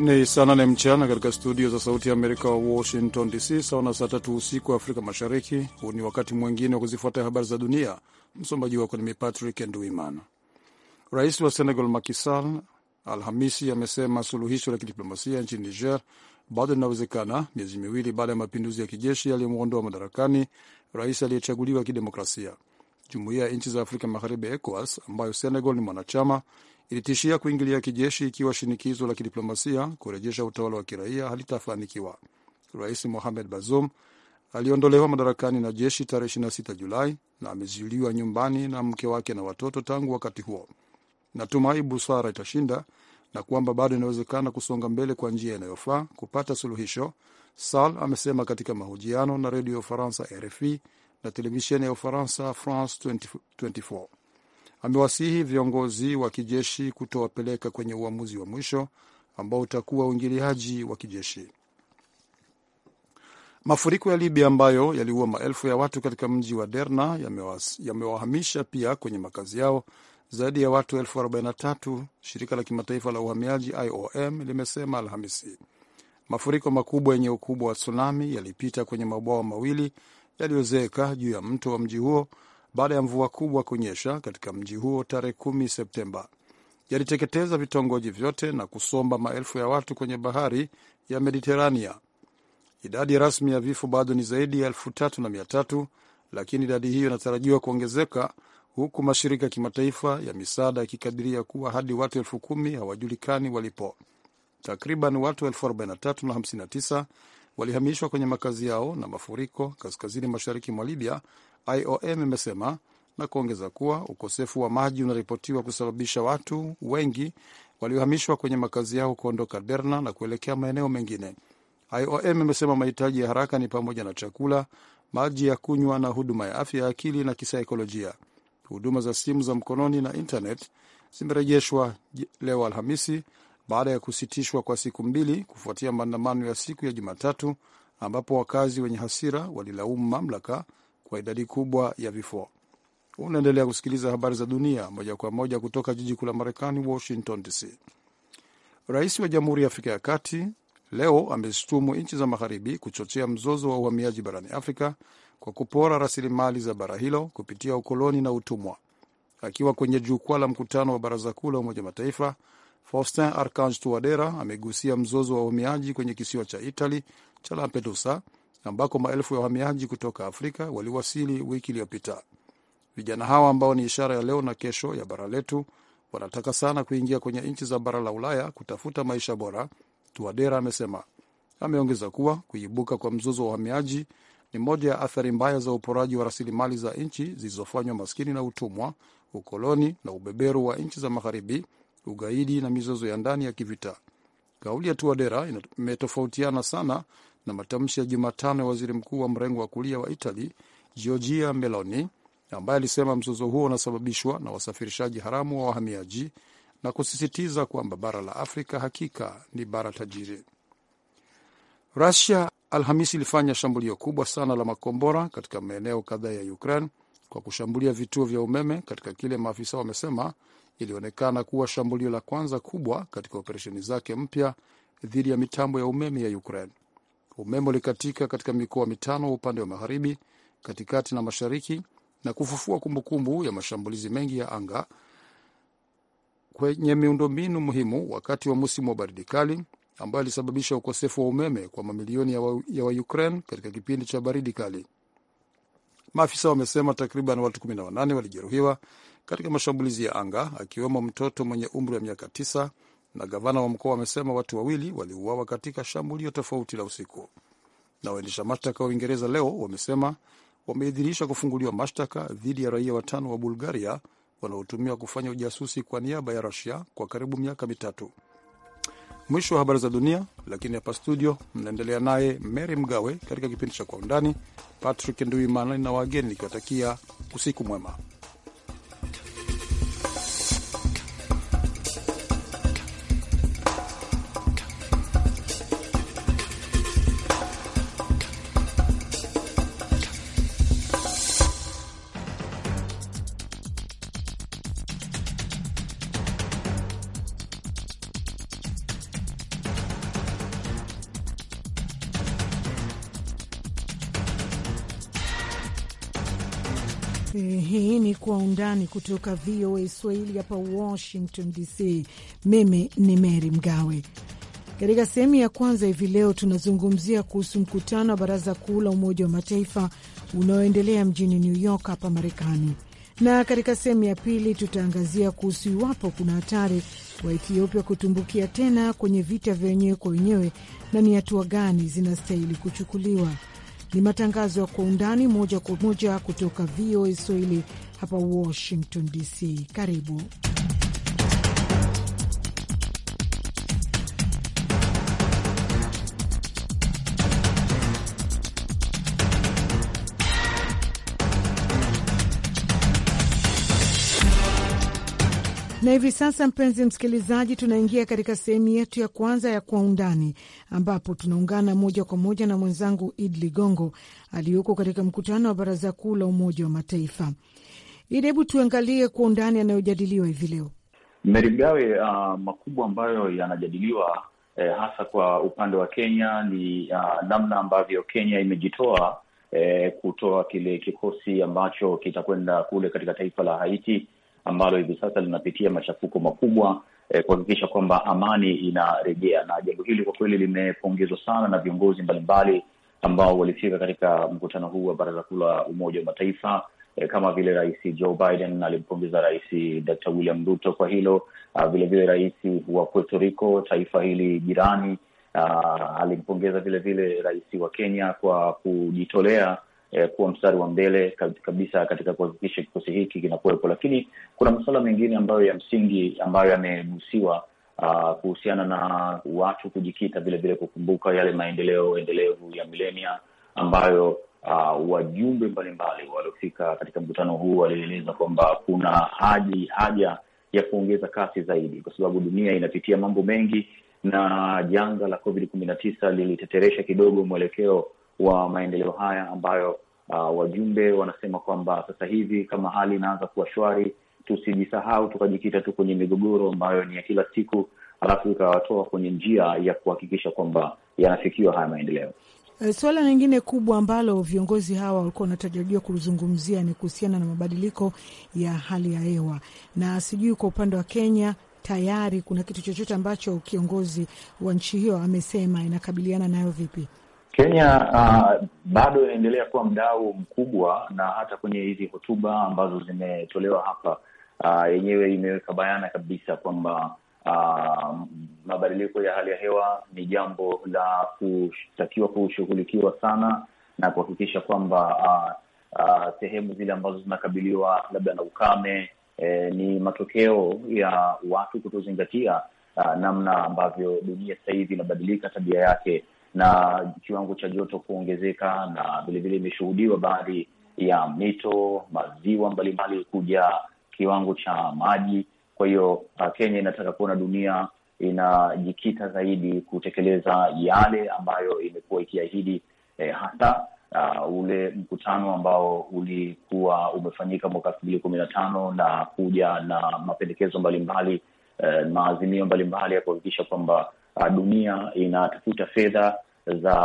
Ni saa nane mchana katika studio za Sauti ya Amerika wa Washington DC, sawa na saa tatu usiku wa Afrika Mashariki. Huu ni wakati mwingine wa kuzifuata habari za dunia. Msomaji wako ni Patrick Nduimana. Rais wa Senegal Macky Sall Alhamisi amesema suluhisho la kidiplomasia nchini Niger bado linawezekana, miezi miwili baada ya mapinduzi ya kijeshi yaliyomwondoa madarakani rais aliyechaguliwa kidemokrasia. Jumuiya ya nchi za Afrika Magharibi, ECOWAS, ambayo Senegal ni mwanachama, ilitishia kuingilia kijeshi ikiwa shinikizo la kidiplomasia kurejesha utawala wa kiraia halitafanikiwa. Rais Mohamed Bazoum aliondolewa madarakani na jeshi tarehe 26 Julai na amezuiliwa nyumbani na mke wake na watoto tangu wakati huo. Natumai busara itashinda na kwamba bado inawezekana kusonga mbele kwa njia inayofaa kupata suluhisho, Sall amesema katika mahojiano na redio ya Ufaransa RFI na televisheni ya Ufaransa France 24 amewasihi viongozi wa kijeshi kutowapeleka kwenye uamuzi wa mwisho ambao utakuwa uingiliaji wa kijeshi. Mafuriko ya Libya ambayo yaliua maelfu ya watu katika mji wa Derna yamewahamisha pia kwenye makazi yao zaidi ya watu elfu 43, shirika la kimataifa la uhamiaji IOM limesema Alhamisi. Mafuriko makubwa yenye ukubwa wa tsunami yalipita kwenye mabwawa mawili yaliyozeeka juu ya mto wa mji huo baada ya mvua kubwa kunyesha katika mji huo tarehe kumi Septemba. Yaliteketeza vitongoji vyote na kusomba maelfu ya watu kwenye bahari ya Mediterania. Idadi rasmi ya vifo bado ni zaidi ya elfu tatu na mia tatu, lakini idadi hiyo inatarajiwa kuongezeka huku mashirika ya kimataifa ya misaada yakikadiria kuwa hadi watu elfu kumi hawajulikani walipo. Takriban watu elfu arobaini na tatu na hamsini na tisa walihamishwa kwenye makazi yao na mafuriko kaskazini mashariki mwa Libya IOM imesema na kuongeza kuwa ukosefu wa maji unaripotiwa kusababisha watu wengi waliohamishwa kwenye makazi yao kuondoka Derna na kuelekea maeneo mengine. IOM imesema mahitaji ya haraka ni pamoja na chakula, maji ya kunywa na huduma ya afya ya akili na kisaikolojia. Huduma za simu za mkononi na intanet zimerejeshwa leo Alhamisi baada ya kusitishwa kwa siku mbili kufuatia maandamano ya siku ya Jumatatu ambapo wakazi wenye hasira walilaumu mamlaka kwa idadi kubwa ya vifo. Unaendelea kusikiliza habari za dunia moja kwa moja kutoka jiji kuu la Marekani, Washington DC. Rais wa Jamhuri ya Afrika ya Kati leo ameshutumu nchi za magharibi kuchochea mzozo wa uhamiaji barani Afrika kwa kupora rasilimali za bara hilo kupitia ukoloni na utumwa. Akiwa kwenye jukwaa la mkutano wa Baraza Kuu la Umoja Mataifa, Faustin Archange Touadera amegusia mzozo wa uhamiaji kwenye kisiwa cha Itali cha Lampedusa ambako maelfu ya wahamiaji kutoka Afrika waliwasili wiki iliyopita. Vijana hawa ambao ni ishara ya leo na kesho ya bara letu wanataka sana kuingia kwenye nchi za bara la Ulaya kutafuta maisha bora, Tuadera amesema. Ameongeza kuwa kuibuka kwa mzozo wa uhamiaji ni moja ya athari mbaya za uporaji wa rasilimali za nchi zilizofanywa maskini na utumwa, ukoloni na ubeberu wa nchi za Magharibi, ugaidi na mizozo ya ndani ya kivita. Kauli ya Tuadera imetofautiana sana na matamshi ya Jumatano ya waziri mkuu wa mrengo wa kulia wa Itali Giorgia Meloni ambaye alisema mzozo huo unasababishwa na wasafirishaji haramu wa wahamiaji na kusisitiza kwamba bara la Afrika hakika ni bara tajiri. Rusia Alhamisi ilifanya shambulio kubwa sana la makombora katika maeneo kadhaa ya Ukraine kwa kushambulia vituo vya umeme katika kile maafisa wamesema ilionekana kuwa shambulio la kwanza kubwa katika operesheni zake mpya dhidi ya mitambo ya umeme ya Ukraine. Umeme ulikatika katika mikoa mitano upande wa magharibi, katikati na mashariki na kufufua kumbukumbu ya mashambulizi mengi ya anga kwenye miundombinu muhimu wakati wa musimu wa baridi kali ambayo ilisababisha ukosefu wa umeme kwa mamilioni ya Waukraine wa katika kipindi cha baridi kali. Maafisa wamesema takriban watu 18 walijeruhiwa katika mashambulizi ya anga, akiwemo mtoto mwenye umri wa miaka tisa na gavana wa mkoa amesema watu wawili waliuawa katika shambulio tofauti la usiku. Na waendesha mashtaka wa Uingereza leo wamesema wameidhinisha kufunguliwa mashtaka dhidi ya raia watano wa Bulgaria wanaotumiwa kufanya ujasusi kwa niaba ya Rusia kwa karibu miaka mitatu. Mwisho wa habari za dunia, lakini hapa studio mnaendelea naye Mary Mgawe katika kipindi cha Kwa Undani. Patrick Nduimana na wageni nikiwatakia usiku mwema. Undani kutoka VOA Swahili hapa Washington DC. Mimi ni Mary Mgawe. Katika sehemu ya kwanza hivi leo tunazungumzia kuhusu mkutano wa Baraza Kuu la Umoja wa Mataifa unaoendelea mjini New York hapa Marekani, na katika sehemu ya pili tutaangazia kuhusu iwapo kuna hatari wa Ethiopia kutumbukia tena kwenye vita vya wenyewe kwa wenyewe na ni hatua gani zinastahili kuchukuliwa. Ni matangazo ya kwa undani moja kwa moja kutoka VOA Swahili hapa Washington DC. Karibu. Na hivi sasa, mpenzi msikilizaji, tunaingia katika sehemu yetu ya kwanza ya Kwa Undani, ambapo tunaungana moja kwa moja na mwenzangu Id Ligongo aliyoko katika mkutano wa Baraza Kuu la Umoja wa Mataifa. Id, hebu tuangalie kwa undani yanayojadiliwa hivi leo. Meri mgawe, uh, makubwa ambayo yanajadiliwa eh, hasa kwa upande wa Kenya ni uh, namna ambavyo Kenya imejitoa eh, kutoa kile kikosi ambacho kitakwenda kule katika taifa la Haiti ambalo hivi sasa linapitia machafuko makubwa eh, kuhakikisha kwamba amani inarejea. Na jambo hili kwa kweli limepongezwa sana na viongozi mbalimbali ambao walifika katika mkutano huu wa Baraza Kuu la Umoja wa Mataifa eh, kama vile Rais Joe Biden alimpongeza Rais Dr. William Ruto kwa hilo. Vilevile ah, rais wa Puerto Rico, taifa hili jirani, ah, alimpongeza vilevile rais wa Kenya kwa kujitolea eh, kuwa mstari wa mbele kabisa katika kuhakikisha kikosi hiki kinakuwepo, lakini kuna masuala mengine ambayo ya msingi ambayo yamegusiwa Uh, kuhusiana na watu kujikita vilevile kukumbuka yale maendeleo endelevu ya milenia ambayo uh, wajumbe mbalimbali waliofika katika mkutano huu walieleza kwamba kuna haji haja ya kuongeza kasi zaidi, kwa sababu dunia inapitia mambo mengi na janga la COVID kumi na tisa liliteteresha kidogo mwelekeo wa maendeleo haya ambayo uh, wajumbe wanasema kwamba sasa hivi kama hali inaanza kuwa shwari, tusijisahau tukajikita tu kwenye migogoro ambayo ni ya kila siku, alafu ikawatoa kwenye njia ya kuhakikisha kwamba yanafikiwa haya maendeleo. E, suala lingine kubwa ambalo viongozi hawa walikuwa wanatarajiwa kulizungumzia ni kuhusiana na mabadiliko ya hali ya hewa, na sijui kwa upande wa Kenya tayari kuna kitu chochote ambacho kiongozi wa nchi hiyo amesema inakabiliana nayo vipi? Kenya uh, bado inaendelea kuwa mdau mkubwa, na hata kwenye hizi hotuba ambazo zimetolewa hapa ah, yenyewe uh, imeweka bayana kabisa kwamba uh, mabadiliko ya hali ya hewa ni jambo la kutakiwa kushughulikiwa sana na kuhakikisha kwamba sehemu uh, uh, zile ambazo zinakabiliwa labda na ukame eh, ni matokeo ya watu kutozingatia uh, namna ambavyo dunia sasa hivi inabadilika tabia yake na kiwango cha joto kuongezeka, na vilevile imeshuhudiwa baadhi ya mito, maziwa mbalimbali kuja kiwango cha maji. Kwa hiyo uh, Kenya inataka kuona dunia inajikita zaidi kutekeleza yale ambayo imekuwa ikiahidi eh, hasa uh, ule mkutano ambao ulikuwa umefanyika mwaka elfu mbili kumi na tano na kuja na mapendekezo mbalimbali eh, maazimio mbalimbali ya kuhakikisha kwamba dunia inatafuta fedha za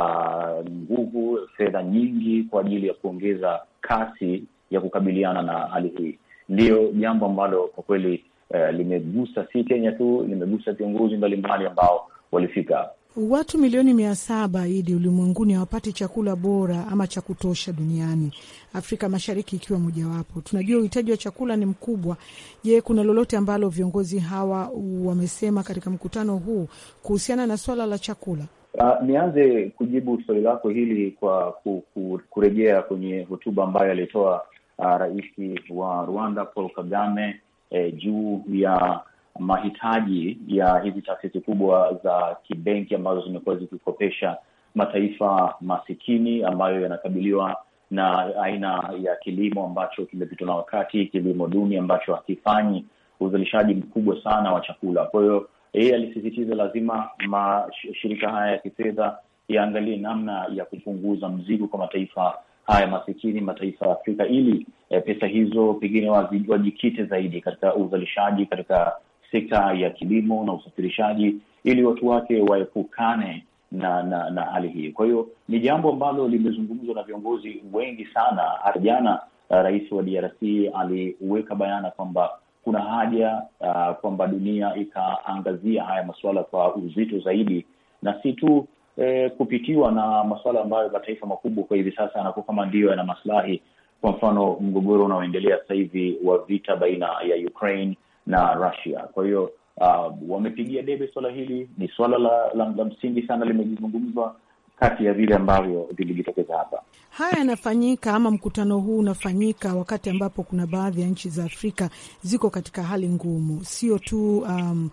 nguvu, fedha nyingi kwa ajili ya kuongeza kasi ya kukabiliana na hali hii. Ndiyo jambo ambalo kwa kweli eh, limegusa si Kenya tu, limegusa viongozi mbalimbali ambao walifika Watu milioni mia saba idi ulimwenguni hawapati chakula bora ama cha kutosha duniani, Afrika Mashariki ikiwa mojawapo. Tunajua uhitaji wa chakula ni mkubwa. Je, kuna lolote ambalo viongozi hawa wamesema katika mkutano huu kuhusiana na swala la chakula? Uh, nianze kujibu swali lako hili kwa ku, ku, kurejea kwenye hotuba ambayo alitoa uh, rais wa Rwanda Paul Kagame eh, juu ya mahitaji ya hizi taasisi kubwa za kibenki ambazo zimekuwa zikikopesha mataifa masikini ambayo yanakabiliwa na aina ya kilimo ambacho kimepitwa na wakati, kilimo duni ambacho hakifanyi uzalishaji mkubwa sana wa chakula. Kwa hiyo yeye alisisitiza lazima mashirika haya ya kifedha yaangalie namna ya kupunguza mzigo kwa mataifa haya masikini, mataifa ya Afrika, ili e, pesa hizo pengine wajikite zaidi katika uzalishaji, katika sekta ya kilimo na usafirishaji, ili watu wake waepukane na na, na hali hii. Kwa hiyo ni jambo ambalo limezungumzwa na viongozi wengi sana. Hata jana uh, rais wa DRC aliweka bayana kwamba kuna haja uh, kwamba dunia ikaangazia haya masuala kwa uzito zaidi na si tu eh, kupitiwa na masuala ambayo mataifa makubwa kwa hivi sasa yanakuwa kama ndiyo yana maslahi. Kwa mfano mgogoro unaoendelea sasa hivi wa vita baina ya Ukraine na Russia. Kwa hiyo uh, wamepigia debe swala hili, ni swala la, la, la msingi sana, limezungumzwa kati ya vile ambavyo vilijitokeza hapa. Haya yanafanyika ama mkutano huu unafanyika wakati ambapo kuna baadhi ya nchi za Afrika ziko katika hali ngumu, sio tu um,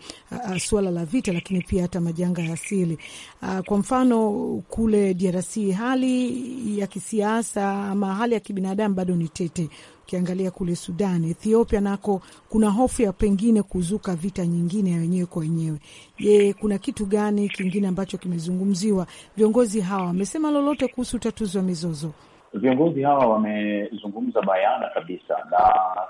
suala la vita, lakini pia hata majanga ya asili. Uh, kwa mfano kule DRC hali ya kisiasa ama hali ya kibinadamu bado ni tete. Ukiangalia kule Sudan, Ethiopia nako kuna hofu ya pengine kuzuka vita nyingine ya wenyewe kwa wenyewe. Je, kuna kitu gani kingine ambacho kimezungumziwa? Viongozi hawa wamesema lolote kuhusu utatuzi wa mizozo? Viongozi hawa wamezungumza bayana kabisa, na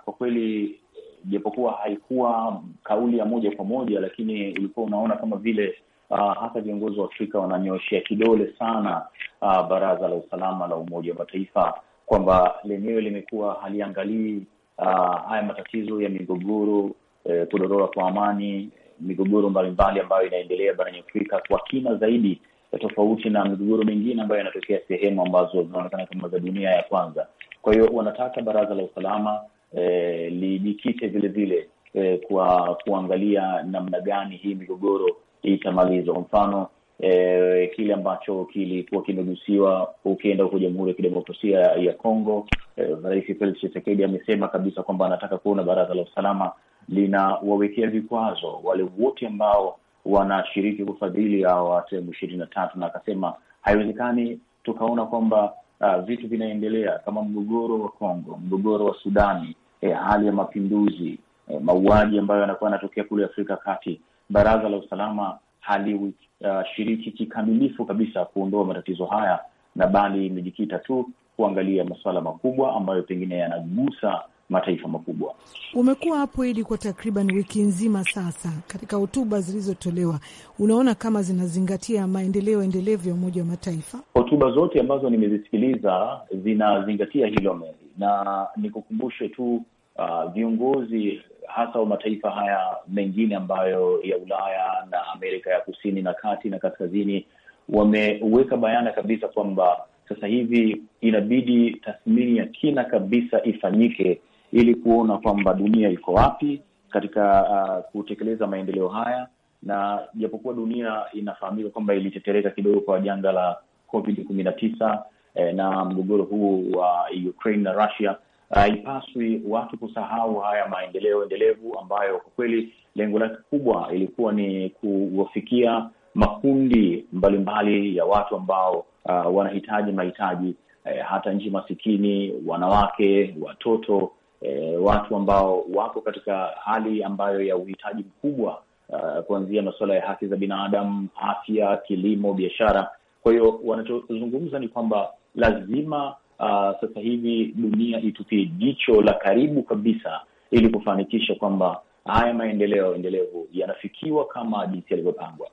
kwa kweli, japokuwa haikuwa kauli ya moja kwa moja, lakini ulikuwa unaona kama vile Uh, hata viongozi wa Afrika wananyoshea kidole sana uh, Baraza la Usalama la Umoja wa Mataifa kwamba lenyewe limekuwa haliangalii uh, haya matatizo ya migogoro eh, kudorora kwa amani, migogoro mbalimbali ambayo inaendelea barani Afrika kwa kina zaidi, eh, tofauti na migogoro mingine ambayo yanatokea sehemu ambazo zinaonekana kama za dunia ya kwanza. Kwa hiyo wanataka baraza la usalama eh, lijikite vilevile eh, kwa kuangalia namna gani hii migogoro itamalizwa. Kwa mfano eh, kile ambacho kilikuwa kimegusiwa ukienda huko Jamhuri ya Kidemokrasia ya Kongo. Eh, Rais Felix Tshisekedi amesema kabisa kwamba anataka kuona Baraza la Usalama linawawekea vikwazo wale wote ambao wanashiriki kufadhili hawa sehemu ishirini na tatu, na akasema haiwezekani tukaona kwamba uh, vitu vinaendelea kama mgogoro wa Kongo, mgogoro wa Sudani, eh, hali ya mapinduzi, eh, mauaji ambayo yanakuwa yanatokea kule Afrika Kati, baraza la usalama halishiriki uh, kikamilifu kabisa kuondoa matatizo haya, na bali imejikita tu kuangalia masuala makubwa ambayo pengine yanagusa mataifa makubwa. Umekuwa hapo hili kwa takriban wiki nzima sasa. Katika hotuba zilizotolewa, unaona kama zinazingatia maendeleo endelevu ya Umoja wa Mataifa? Hotuba zote ambazo nimezisikiliza zinazingatia hilo meli, na nikukumbushe tu uh, viongozi hasa wa mataifa haya mengine ambayo ya Ulaya na Amerika ya kusini na kati na kaskazini wameweka bayana kabisa kwamba sasa hivi inabidi tathmini ya kina kabisa ifanyike ili kuona kwamba dunia iko wapi katika uh, kutekeleza maendeleo haya. Na japokuwa dunia inafahamika kwamba ilitetereka kidogo kwa janga la COVID kumi na tisa eh, na mgogoro huu wa uh, Ukraine na Russia haipaswi uh, watu kusahau haya maendeleo endelevu ambayo kwa kweli lengo lake kubwa ilikuwa ni kuwafikia makundi mbalimbali mbali ya watu ambao uh, wanahitaji mahitaji eh, hata nchi masikini, wanawake, watoto eh, watu ambao wako katika hali ambayo ya uhitaji mkubwa uh, kuanzia masuala ya haki za binadamu, afya, kilimo, biashara. Kwa hiyo wanachozungumza ni kwamba lazima uh, sasa hivi dunia itupie jicho la karibu kabisa ili kufanikisha kwamba haya maendeleo endelevu yanafikiwa kama jinsi yalivyopangwa.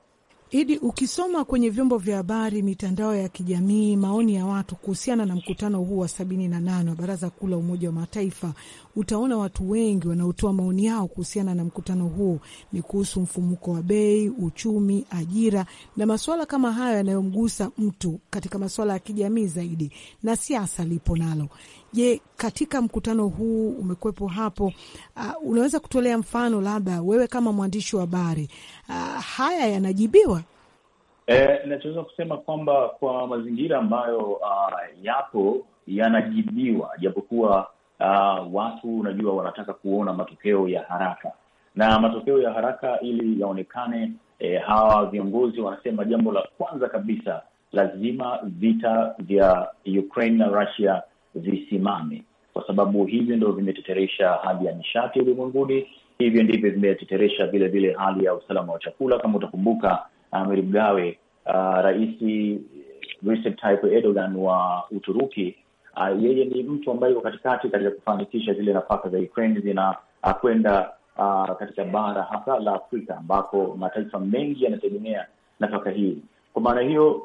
Idi, ukisoma kwenye vyombo vya habari, mitandao ya kijamii, maoni ya watu kuhusiana na mkutano huu wa sabini na nane wa Baraza Kuu la Umoja wa Mataifa utaona watu wengi wanaotoa maoni yao kuhusiana na mkutano huo ni kuhusu mfumuko wa bei, uchumi, ajira na masuala kama hayo yanayomgusa mtu katika masuala ya kijamii zaidi, na siasa lipo nalo. Je, katika mkutano huu umekwepo hapo, uh, unaweza kutolea mfano labda wewe kama mwandishi wa habari, uh, haya yanajibiwa? E, eh, nachoweza kusema kwamba kwa mazingira ambayo uh, yapo yanajibiwa, japokuwa uh, watu unajua wanataka kuona matokeo ya haraka, na matokeo ya haraka ili yaonekane, eh, hawa viongozi wanasema jambo la kwanza kabisa lazima vita vya Ukraine na Russia visimame, kwa sababu hivyo ndio vimeteteresha hali ya nishati ulimwenguni. Hivyo ndivyo vimeteteresha vile vile hali ya usalama wa chakula. Kama utakumbuka, Amiri Mgawe, uh, raisi eh, Recep Erdogan wa Uturuki Uh, yeye ni mtu ambaye yuko katikati katika kufanikisha zile nafaka za Ukraine zinakwenda ah, uh, ah, uh, katika bara hasa la Afrika ambako mataifa mengi yanategemea nafaka hii. Kwa maana hiyo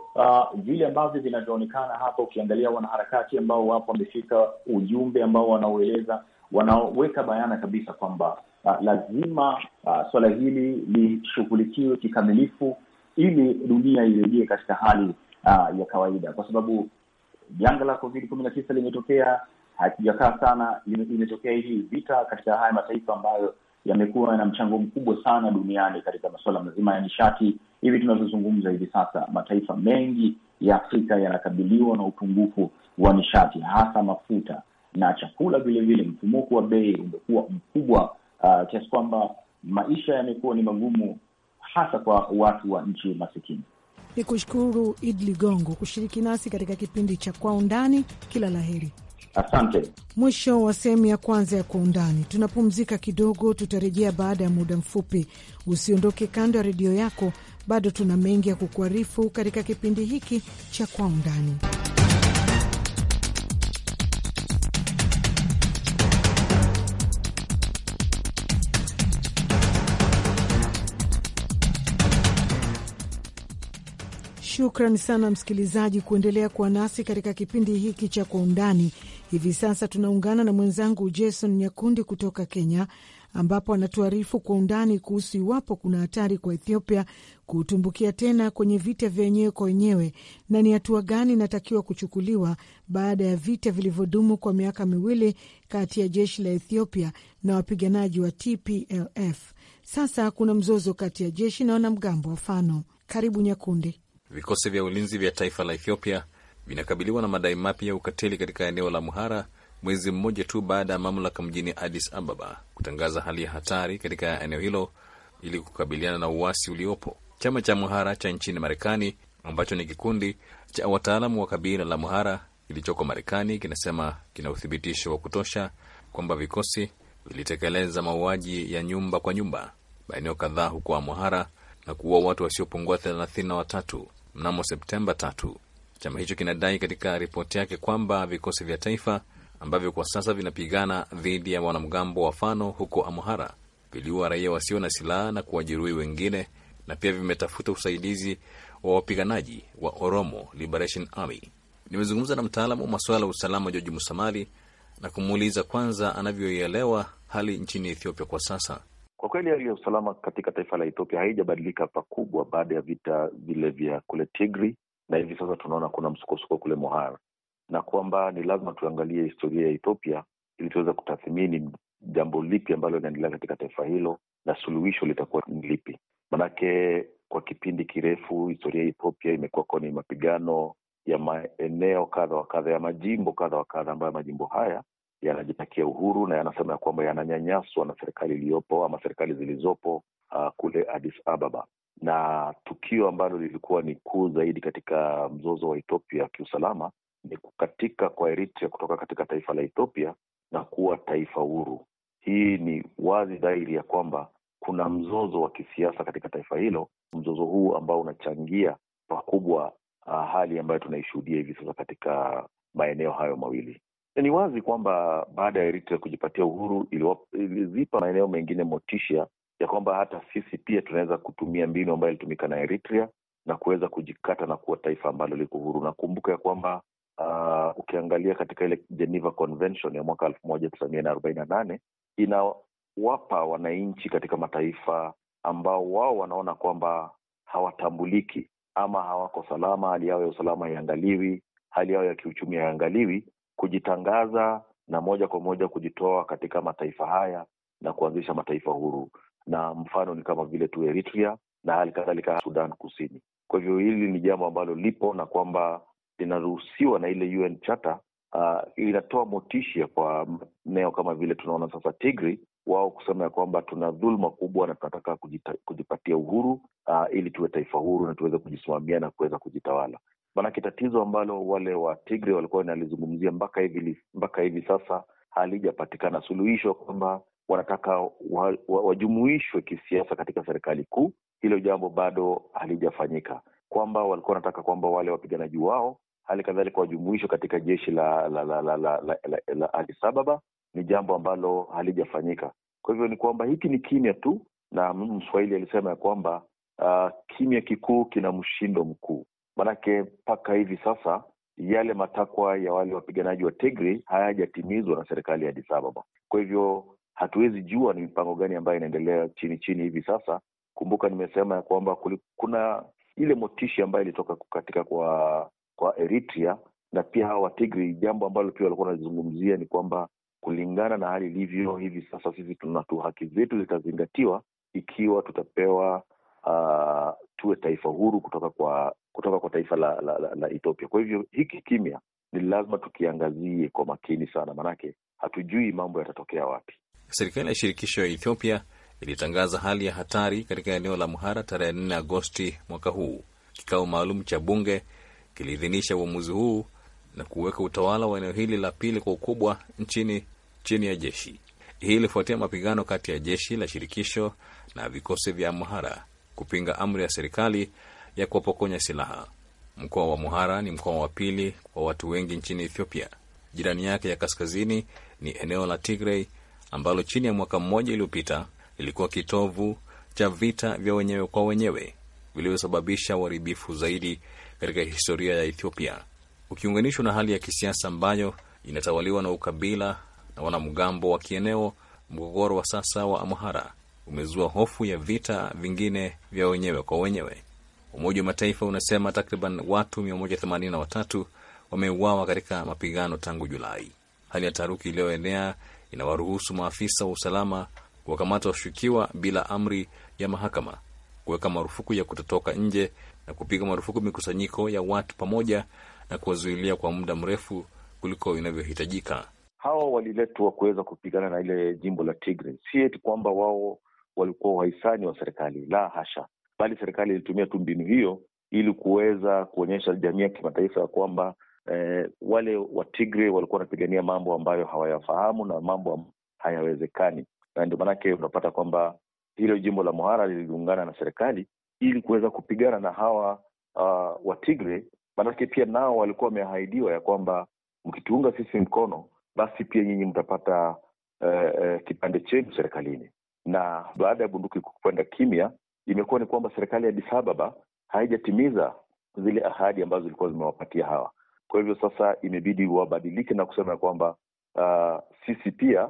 vile ambavyo vinavyoonekana hapa, ukiangalia wanaharakati ambao wapo wamefika, ujumbe ambao wanaoeleza wanaoweka bayana kabisa kwamba uh, lazima uh, swala hili lishughulikiwe kikamilifu ili dunia irejee katika hali uh, ya kawaida, kwa sababu janga la covid kumi na tisa limetokea, hakijakaa sana, limetokea hii vita katika haya mataifa ambayo yamekuwa na mchango mkubwa sana duniani katika masuala mazima ya nishati. Hivi tunavyozungumza hivi sasa, mataifa mengi ya Afrika yanakabiliwa na upungufu wa nishati, hasa mafuta na chakula vilevile. Mfumuko wa bei umekuwa mkubwa uh, kiasi uh, kwamba maisha yamekuwa ni magumu hasa kwa watu wa nchi masikini ni kushukuru Id Ligongo kushiriki nasi katika kipindi cha Kwa Undani. Kila la heri. Asante. Mwisho wa sehemu ya kwanza ya Kwa Undani. Tunapumzika kidogo, tutarejea baada ya muda mfupi. Usiondoke kando ya redio yako, bado tuna mengi ya kukuarifu katika kipindi hiki cha Kwa Undani. Shukran sana msikilizaji kuendelea kuwa nasi katika kipindi hiki cha Kwa Undani. Hivi sasa tunaungana na mwenzangu Jason Nyakundi kutoka Kenya, ambapo anatuarifu kwa undani kuhusu iwapo kuna hatari kwa Ethiopia kutumbukia tena kwenye vita vya wenyewe kwa wenyewe na ni hatua gani inatakiwa kuchukuliwa baada ya vita vilivyodumu kwa miaka miwili kati ya jeshi la Ethiopia na wapiganaji wa TPLF. Sasa kuna mzozo kati ya jeshi na wanamgambo wa Fano. Karibu Nyakundi. Vikosi vya ulinzi vya taifa la Ethiopia vinakabiliwa na madai mapya ya ukatili katika eneo la Muhara mwezi mmoja tu baada ya mamlaka mjini Addis Ababa kutangaza hali ya hatari katika eneo hilo ili kukabiliana na uasi uliopo. Chama cha Muhara cha nchini Marekani ambacho ni kikundi cha wataalamu wa kabila la Muhara kilichoko Marekani kinasema kina uthibitisho wa kutosha kwamba vikosi vilitekeleza mauaji ya nyumba kwa nyumba maeneo kadhaa huko Amhara na kuua watu wasiopungua thelathini na watatu mnamo Septemba tatu. Chama hicho kinadai katika ripoti yake kwamba vikosi vya taifa ambavyo kwa sasa vinapigana dhidi ya wanamgambo wa Fano huko Amhara viliua raia wasio na silaha na kuwajeruhi wengine na pia vimetafuta usaidizi wa wapiganaji wa Oromo Liberation Army. Nimezungumza na mtaalamu wa masuala ya usalama George Musamali na kumuuliza kwanza anavyoielewa hali nchini Ethiopia kwa sasa kweli hali ya usalama katika taifa la Ethiopia haijabadilika pakubwa baada ya vita vile vya kule Tigri, na hivi sasa tunaona kuna msukosuko kule Mohara, na kwamba ni lazima tuangalie historia ya Ethiopia ili tuweze kutathmini jambo lipi ambalo linaendelea katika taifa hilo na suluhisho litakuwa ni lipi. Manake kwa kipindi kirefu historia ya Ethiopia imekuwa ni mapigano ya maeneo kadha wa kadha, ya majimbo kadha wa kadha, ambayo majimbo haya yanajitakia uhuru na yanasema ya kwamba yananyanyaswa na serikali iliyopo ama serikali zilizopo uh, kule Addis Ababa na tukio ambalo lilikuwa ni kuu zaidi katika mzozo wa Ethiopia kiusalama ni kukatika kwa Eritrea kutoka katika taifa la Ethiopia na kuwa taifa huru. Hii ni wazi dhahiri ya kwamba kuna mzozo wa kisiasa katika taifa hilo, mzozo huu ambao unachangia pakubwa uh, hali ambayo tunaishuhudia hivi sasa katika maeneo hayo mawili. Ni wazi kwamba baada ya Eritrea kujipatia uhuru ilizipa maeneo mengine motisha ya kwamba hata sisi pia tunaweza kutumia mbinu ambayo ilitumika na Eritrea na kuweza kujikata na kuwa taifa ambalo liko huru. Nakumbuka ya kwamba uh, ukiangalia katika ile Geneva Convention ya mwaka elfu moja tisa mia na arobaini na nane inawapa wananchi katika mataifa ambao wao wanaona kwamba hawatambuliki ama hawako salama, hali yao ya usalama haiangaliwi, hali yao ya kiuchumi haiangaliwi, kujitangaza na moja kwa moja kujitoa katika mataifa haya na kuanzisha mataifa huru, na mfano ni kama vile tu Eritrea na hali kadhalika Sudan Kusini. Kwa hivyo hili ni jambo ambalo lipo na kwamba linaruhusiwa na ile UN chata. Uh, inatoa motisha kwa maeneo kama vile tunaona sasa Tigri wao kusema ya kwamba tuna dhuluma kubwa na tunataka kujipatia uhuru uh, ili tuwe taifa huru na tuweze kujisimamia na kuweza kujitawala. Maanake tatizo ambalo wale wa Tigre walikuwa wanalizungumzia mpaka hivi mpaka hivi sasa halijapatikana suluhisho kwamba wanataka wa, wa, wajumuishwe kisiasa katika serikali kuu. Hilo jambo bado halijafanyika, kwamba walikuwa wanataka kwamba wale wapiganaji wao hali kadhalika wajumuishwe katika jeshi la la la la, la, la, la, la Addis Ababa. Ni jambo ambalo halijafanyika. Kwa hivyo ni kwamba hiki ni kimya tu, na Mswahili alisema ya kwamba uh, kimya kikuu kina mshindo mkuu manake mpaka hivi sasa yale matakwa ya wale wapiganaji wa Tigray hayajatimizwa na serikali ya Addis Ababa. Kwa hivyo hatuwezi jua ni mipango gani ambayo inaendelea chini chini hivi sasa. Kumbuka nimesema ya kwamba kuna ile motishi ambayo ilitoka katika kwa kwa Eritrea na pia hawa Watigri. Jambo ambalo pia walikuwa wanalizungumzia ni kwamba kulingana na hali ilivyo hivi sasa, sisi tuna tu haki zetu zitazingatiwa ikiwa tutapewa uh, tuwe taifa huru kutoka kwa kutoka kwa taifa la, la, la, la Ethiopia. Kwa hivyo hiki kimya ni lazima tukiangazie kwa makini sana, maanake hatujui mambo yatatokea wapi. Serikali ya shirikisho ya Ethiopia ilitangaza hali ya hatari katika eneo la Mhara tarehe nne Agosti mwaka huu. Kikao maalum cha bunge kiliidhinisha uamuzi huu na kuweka utawala wa eneo hili la pili kwa ukubwa nchini chini ya jeshi. Hii ilifuatia mapigano kati ya jeshi la shirikisho na vikosi vya Amhara kupinga amri ya serikali ya kuwapokonya silaha. Mkoa wa Muhara ni mkoa wa pili kwa watu wengi nchini Ethiopia. Jirani yake ya kaskazini ni eneo la Tigray ambalo chini ya mwaka mmoja iliyopita lilikuwa kitovu cha vita vya wenyewe kwa wenyewe vilivyosababisha uharibifu zaidi katika historia ya Ethiopia, ukiunganishwa na hali ya kisiasa ambayo inatawaliwa na ukabila na wanamgambo wa kieneo. Mgogoro wa sasa wa Amhara umezua hofu ya vita vingine vya wenyewe kwa wenyewe. Umoja wa Mataifa unasema takriban watu 183 wameuawa katika mapigano tangu Julai. Hali ya taharuki iliyoenea inawaruhusu maafisa wa usalama kuwakamata washukiwa bila amri ya mahakama, kuweka marufuku ya kutotoka nje na kupiga marufuku mikusanyiko ya watu pamoja na kuwazuilia kwa muda mrefu kuliko inavyohitajika. Hawa waliletwa kuweza kupigana na ile jimbo la Tigray, si eti kwamba wao walikuwa wahisani wa serikali, la hasha, bali serikali ilitumia tu mbinu hiyo ili kuweza kuonyesha jamii ya kimataifa ya kwamba eh, wale Watigre walikuwa wanapigania mambo ambayo hawayafahamu na mambo hayawezekani, na ndio maanake unapata kwamba hilo jimbo la Mhara liliungana na serikali ili kuweza kupigana na hawa uh, ah, Watigre, maanake pia nao walikuwa wameahidiwa ya kwamba mkituunga sisi mkono, basi pia nyinyi mtapata uh, uh, kipande chenu serikalini na baada ya bunduki kupanda kimya, imekuwa ni kwamba serikali ya Addis Ababa haijatimiza zile ahadi ambazo zilikuwa zimewapatia hawa. Kwa hivyo sasa imebidi wabadilike na kusema ya kwamba uh, sisi pia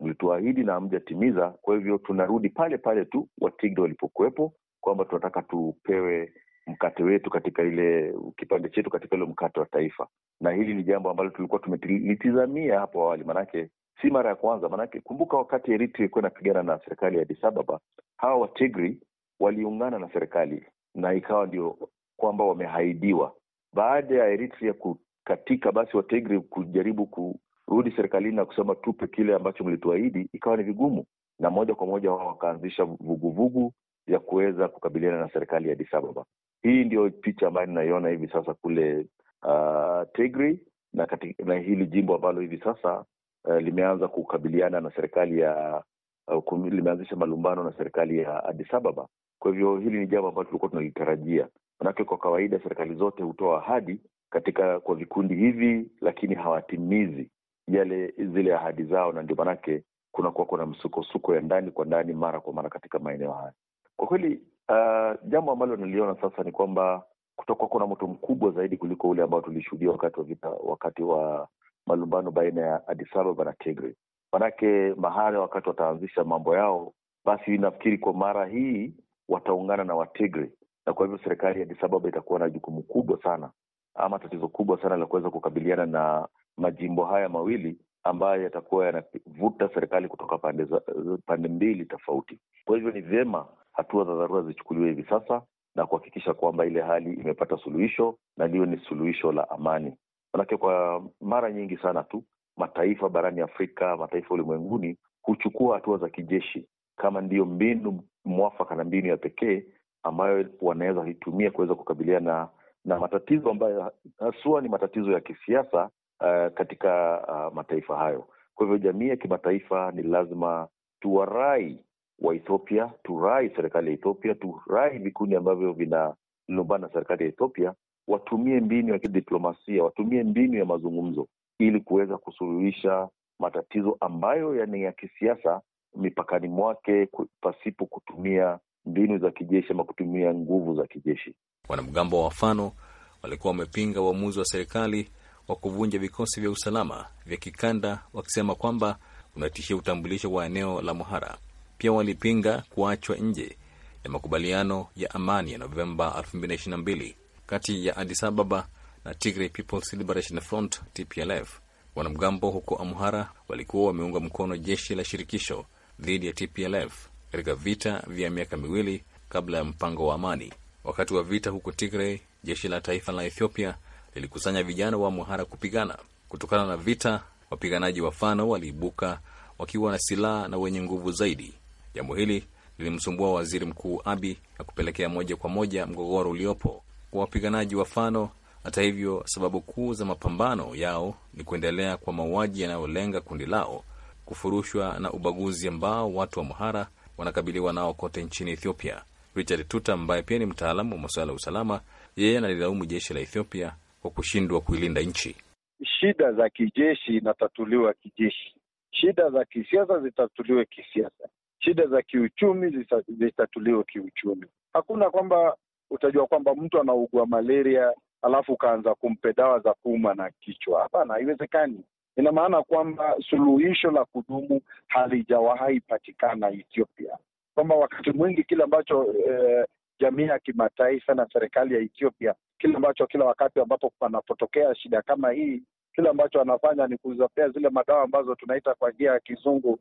mlituahidi na hamjatimiza, kwa hivyo tunarudi pale pale tu Watigre walipokuwepo, kwamba tunataka tupewe mkate wetu katika ile kipande chetu katika ile mkate wa taifa. Na hili ni jambo ambalo tulikuwa tumelitizamia hapo awali, maanake si mara ya kwanza maanake kumbuka wakati eritrea ilikuwa inapigana na serikali ya disababa hawa watigri waliungana na serikali na ikawa ndio kwamba wamehaidiwa baada ya eritria kukatika basi watigri kujaribu kurudi serikalini na kusema tupe kile ambacho mlituahidi ikawa ni vigumu na moja kwa moja wao wakaanzisha vuguvugu ya kuweza kukabiliana na serikali ya disababa hii ndio picha ambayo ninaiona hivi sasa kule uh, ah, tigri na, katika, na hili jimbo ambalo hivi sasa Eh, limeanza kukabiliana na serikali ya uh, limeanzisha malumbano na serikali ya Addis Ababa. Kwa hivyo hili ni jambo ambalo tulikuwa tunalitarajia, manake kwa kawaida serikali zote hutoa ahadi katika kwa vikundi hivi, lakini hawatimizi yale zile ahadi zao, na ndio maanake kunakuwa kuna msukosuko ya ndani kwa ndani mara kwa mara katika maeneo haya. Kwa kweli uh, jambo ambalo naliona sasa ni kwamba kutakuwa kuna moto mkubwa zaidi kuliko ule ambao tulishuhudia wakati wa vita, wakati wa malumbano baina ya Addis Ababa na Tigray. Manake mahali wakati wataanzisha mambo yao, basi nafikiri kwa mara hii wataungana na watigri na kwa hivyo serikali ya Addis Ababa itakuwa na jukumu kubwa sana ama tatizo kubwa sana la kuweza kukabiliana na majimbo haya mawili ambayo yatakuwa yanavuta serikali kutoka pande, za, pande mbili tofauti. Kwa hivyo ni vyema hatua za dharura zichukuliwe hivi sasa na kuhakikisha kwamba ile hali imepata suluhisho na liwe ni suluhisho la amani. Manake kwa mara nyingi sana tu mataifa barani Afrika, mataifa ulimwenguni huchukua hatua za kijeshi kama ndiyo mbinu mwafaka na mbinu ya pekee ambayo wanaweza itumia kuweza kukabiliana na, na matatizo ambayo haswa ni matatizo ya kisiasa uh, katika uh, mataifa hayo. Kwa hivyo jamii ya kimataifa ni lazima tuwarai wa Ethiopia, turai serikali ya Ethiopia, turai vikundi ambavyo vinalumbana na serikali ya Ethiopia watumie mbinu ya kidiplomasia, watumie mbinu ya mazungumzo ili kuweza kusuluhisha matatizo ambayo yani ya kisiasa mipakani mwake pasipo kutumia mbinu za kijeshi ama kutumia nguvu za kijeshi. Wanamgambo wa Wafano walikuwa wamepinga uamuzi wa serikali wa kuvunja vikosi vya usalama vya kikanda wakisema kwamba unatishia utambulisho wa eneo la mhara Pia walipinga kuachwa nje ya makubaliano ya amani ya Novemba kati ya Addis Ababa na Tigray People's Liberation Front TPLF. Wanamgambo huko Amhara walikuwa wameunga mkono jeshi la shirikisho dhidi ya TPLF katika vita vya miaka miwili kabla ya mpango wa amani. Wakati wa vita huko Tigray, jeshi la taifa la Ethiopia lilikusanya vijana wa Amhara kupigana. Kutokana na vita, wapiganaji wa Fano waliibuka wakiwa na silaha na wenye nguvu zaidi. Jambo hili lilimsumbua waziri mkuu Abi na kupelekea moja kwa moja mgogoro uliopo kwa wapiganaji wa Fano. Hata hivyo, sababu kuu za mapambano yao ni kuendelea kwa mauaji yanayolenga kundi lao, kufurushwa na ubaguzi ambao watu wa Amhara wanakabiliwa nao kote nchini Ethiopia. Richard Tuta ambaye pia ni mtaalamu wa masuala ya usalama, yeye analilaumu jeshi la Ethiopia kwa kushindwa kuilinda nchi. Shida za kijeshi inatatuliwa kijeshi, shida za kisiasa zitatuliwe kisiasa, shida za kiuchumi zitatuliwe kiuchumi. Hakuna kwamba utajua kwamba mtu anaugua malaria alafu ukaanza kumpe dawa za kuuma na kichwa. Hapana, haiwezekani. Ina maana kwamba suluhisho la kudumu halijawahi patikana Ethiopia, kwamba wakati mwingi kile ambacho eh, jamii ya kimataifa na serikali ya Ethiopia, kile ambacho kila wakati ambapo panapotokea shida kama hii, kile ambacho wanafanya ni kuzapea zile madawa ambazo tunaita kwa njia ya kizungu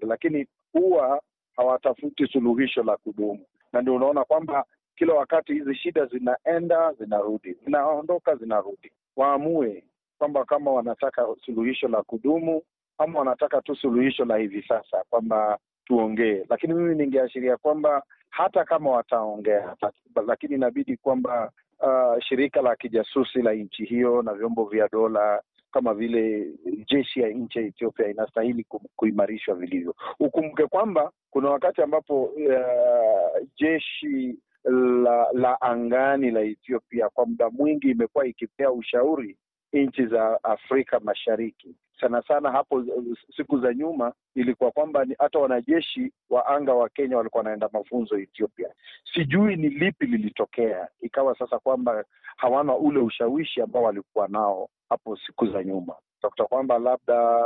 lakini huwa hawatafuti suluhisho la kudumu, na ndio unaona kwamba kila wakati hizi shida zinaenda zinarudi, zinaondoka zinarudi. Waamue kwamba kama wanataka suluhisho la kudumu ama wanataka tu suluhisho la hivi sasa, kwamba tuongee. Lakini mimi ningeashiria kwamba hata kama wataongea, lakini inabidi kwamba uh, shirika la kijasusi la nchi hiyo na vyombo vya dola kama vile jeshi ya nchi ya Ethiopia inastahili kuimarishwa vilivyo. Ukumbuke kwamba kuna wakati ambapo uh, jeshi la, la angani la Ethiopia kwa muda mwingi imekuwa ikipea ushauri nchi za Afrika Mashariki sana sana. Hapo siku za nyuma ilikuwa kwamba hata wanajeshi wa anga wa Kenya walikuwa wanaenda mafunzo Ethiopia. Sijui ni lipi lilitokea ikawa sasa kwamba hawana ule ushawishi ambao walikuwa nao hapo siku za nyuma. Utakuta kwamba labda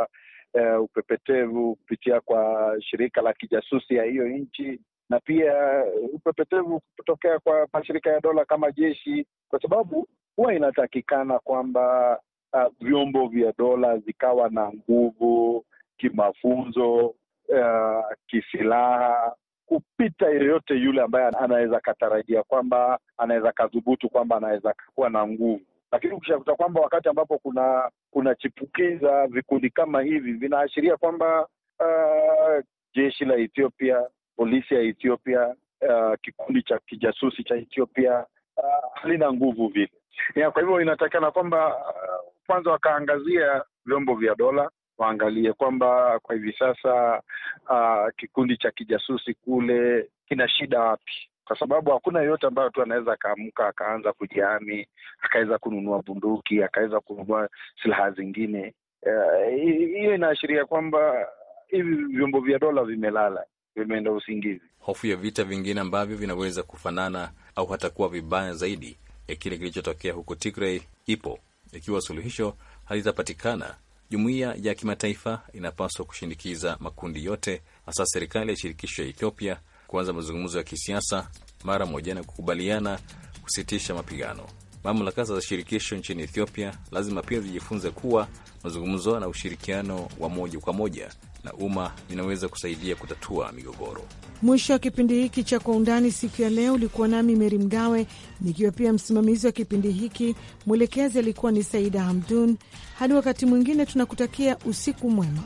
uh, upepetevu kupitia kwa shirika la kijasusi ya hiyo nchi na pia eh, upepetevu kutokea kwa mashirika ya dola kama jeshi, kwa sababu huwa inatakikana kwamba uh, vyombo vya dola zikawa na nguvu kimafunzo, uh, kisilaha kupita yeyote yule ambaye anaweza katarajia kwamba anaweza kadhubutu kwamba anaweza kuwa na nguvu lakini ukishakuta kwamba wakati ambapo kuna kuna chipukiza vikundi kama hivi vinaashiria kwamba uh, jeshi la Ethiopia polisi ya Ethiopia, uh, kikundi cha kijasusi cha Ethiopia uh, halina uh, nguvu vile ya, kwa hivyo inatakikana kwamba uh, kwanza wakaangazia vyombo vya dola waangalie kwamba kwa hivi sasa uh, kikundi cha kijasusi kule kina shida wapi kwa sababu hakuna yeyote ambayo tu anaweza akaamka akaanza kujihami akaweza kununua bunduki akaweza kununua silaha zingine. Uh, hiyo uh, inaashiria kwamba hivi vyombo vya dola vimelala vimeenda usingizi. Hofu ya vita vingine ambavyo vinaweza kufanana au hata kuwa vibaya zaidi ya kile kilichotokea huko Tigray ipo. Ikiwa suluhisho halitapatikana, jumuiya ya kimataifa inapaswa kushinikiza makundi yote, hasa serikali ya shirikisho ya Ethiopia kuanza mazungumzo ya kisiasa mara moja na kukubaliana kusitisha mapigano. Mamlaka za shirikisho nchini Ethiopia lazima pia zijifunze kuwa mazungumzo na ushirikiano wa moja kwa moja na umma vinaweza kusaidia kutatua migogoro. Mwisho wa kipindi hiki cha Kwa Undani siku ya leo, ulikuwa nami Meri Mgawe nikiwa pia msimamizi wa kipindi hiki. Mwelekezi alikuwa ni Saida Hamdun. Hadi wakati mwingine, tunakutakia usiku mwema.